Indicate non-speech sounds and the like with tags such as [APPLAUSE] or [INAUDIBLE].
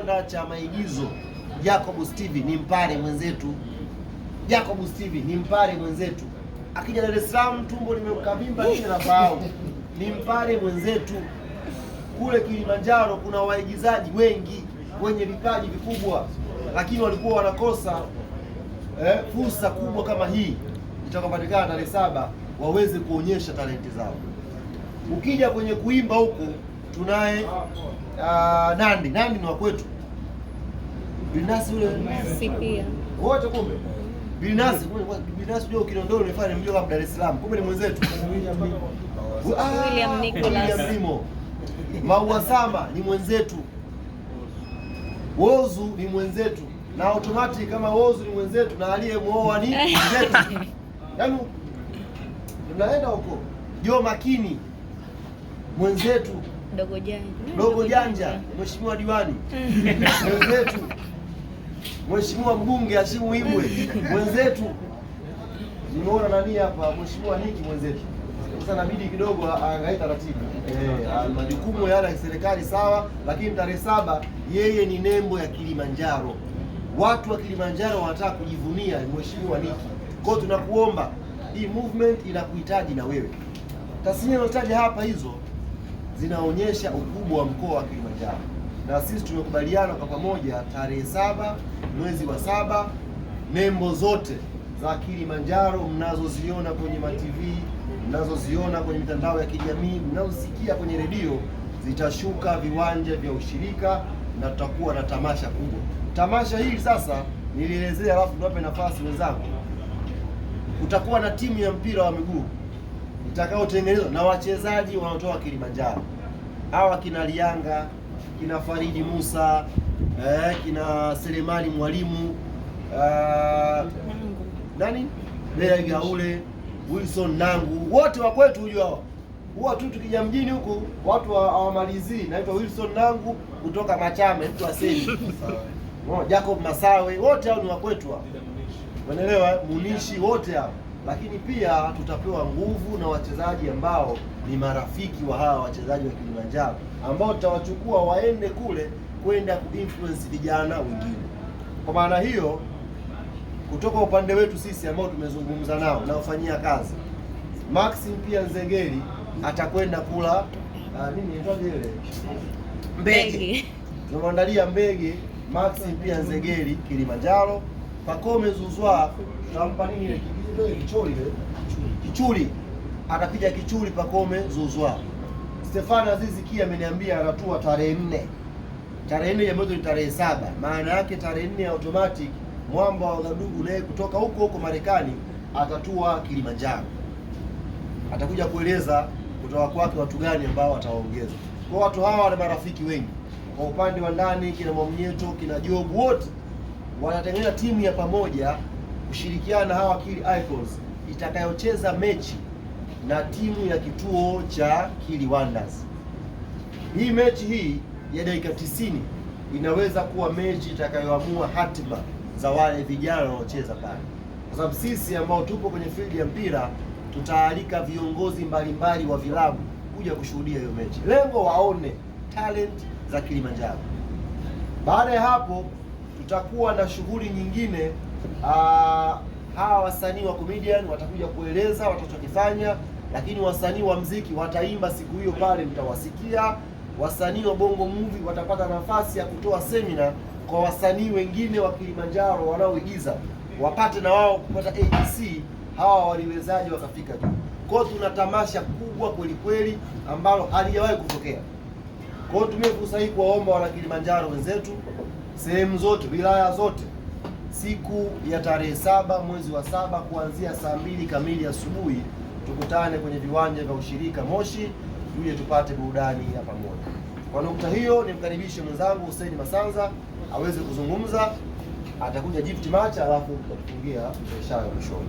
Kiwanda cha maigizo Jacob Steve ni mpare mwenzetu, Jacob Steve ni mpare mwenzetu. Akija Dar es Salaam tumbo limekavimba nini, nafahamu ni mpare mwenzetu. Kule Kilimanjaro kuna waigizaji wengi wenye vipaji vikubwa, lakini walikuwa wanakosa eh, fursa kubwa kama hii itakapatikana tarehe saba waweze kuonyesha talenti zao. Ukija kwenye kuimba huku tunaye uh, Nandi. Nandi ni wa kwetu. Bilinasi yule pia wote kumbe Bilinasi Bilinasi, ndio Kinondoni unafanya mjua kama Dar es Salaam, kumbe ni mwenzetu ah, William Nicholas Simo Maua Sama ni mwenzetu, Wozu ni mwenzetu, na automatic kama Wozu ni mwenzetu na aliyemwoa ni [LAUGHS] mwenzetu yaani tunaenda huko. Jo Makini mwenzetu dogo janja, dogo janja, mheshimiwa diwani mwenzetu, mm. [LAUGHS] mheshimiwa mbunge Asimu Ibwe mwenzetu. Nimeona nani hapa, mheshimiwa Niki mwenzetu. Sasa inabidi kidogo aangalie taratibu eh, majukumu yale ya serikali sawa, lakini tarehe saba yeye ni nembo ya Kilimanjaro. Watu wa Kilimanjaro wanataka kujivunia mheshimiwa Niki. Kwa tunakuomba hii movement inakuhitaji na wewe, tasnia inayotaja hapa hizo zinaonyesha ukubwa wa mkoa wa Kilimanjaro, na sisi tumekubaliana kwa pamoja tarehe saba mwezi wa saba, nembo zote za Kilimanjaro mnazoziona kwenye matv mnazoziona kwenye mitandao ya kijamii, mnazosikia kwenye redio zitashuka viwanja vya ushirika na tutakuwa na tamasha kubwa. Tamasha hili sasa nilielezea, alafu niwape nafasi wenzangu. Kutakuwa na timu ya mpira wa miguu itakayotengenezwa na wachezaji wanaotoka Kilimanjaro, hawa kina Lianga, kina Faridi Musa eh, kina Selemani Mwalimu eh, nani Lea Gaule, Wilson Nangu, wote wakwetu kwetu hujua hawa huwa tu tukija mjini huku watu hawamalizii. Naitwa Wilson Nangu kutoka Machame, mtu aseni [LAUGHS] oh, Jacob Masawe, wote hao ni wakwetu kwetu hao, unaelewa, Munishi, wote hao lakini pia tutapewa nguvu na wachezaji ambao ni marafiki wa hawa wachezaji wa Kilimanjaro ambao tutawachukua waende kule kwenda kuinfluence vijana wengine. Kwa maana hiyo, kutoka upande wetu sisi ambao tumezungumza nao na kufanyia kazi, Maxim pia Nzengeli atakwenda kula uh, nini ile mbege, tumemwandalia mbege Maxim pia Nzengeli Kilimanjaro. Pacome Zouzoua tampa nini ile kichuli kichuli, atapiga kichuli pakome zuzwa Stefano Aziz Ki ameniambia anatua tarehe nne, tarehe nne ambazo ni tarehe saba. Maana yake tarehe nne ya automatic mwamba wa Gadugu naye kutoka huko huko Marekani atatua Kilimanjaro, atakuja kueleza kutoka kwake watu gani ambao watawaongeza kwa watu hawa. Wana marafiki wengi kwa upande wa ndani, kina Mwamnyeto, kina jogu wote wanatengeneza timu ya pamoja kushirikiana na hawa Kili Icons itakayocheza mechi na timu ya kituo cha Kili Wonders. Hii mechi hii ya dakika 90 inaweza kuwa mechi itakayoamua hatima za wale vijana wanaocheza pale, kwa sababu sisi ambao tupo kwenye field ya mpira tutaalika viongozi mbalimbali wa vilabu kuja kushuhudia hiyo mechi, lengo waone talent za Kilimanjaro. Baada ya hapo tutakuwa na shughuli nyingine. Aa, ah, hawa wasanii wa comedian watakuja kueleza watachokifanya, lakini wasanii wa mziki wataimba siku hiyo pale, mtawasikia. Wasanii wa bongo movie watapata nafasi ya kutoa semina kwa wasanii wengine wa Kilimanjaro wanaoigiza, wapate na wao kupata ABC, hawa waliwezaji wakafika juu. Kwa tuna tamasha kubwa kweli kweli ambalo halijawahi kutokea. Kwa hiyo tumie fursa hii kuwaomba wana Kilimanjaro wenzetu sehemu zote, wilaya zote, siku ya tarehe saba mwezi wa saba kuanzia saa mbili kamili asubuhi, tukutane kwenye viwanja vya ushirika Moshi tuje tupate burudani ya pamoja. Kwa nukta hiyo, nimkaribishe mwenzangu Hussein Masanza aweze kuzungumza, atakuja gift match alafu tutafungia biashara mwishoni.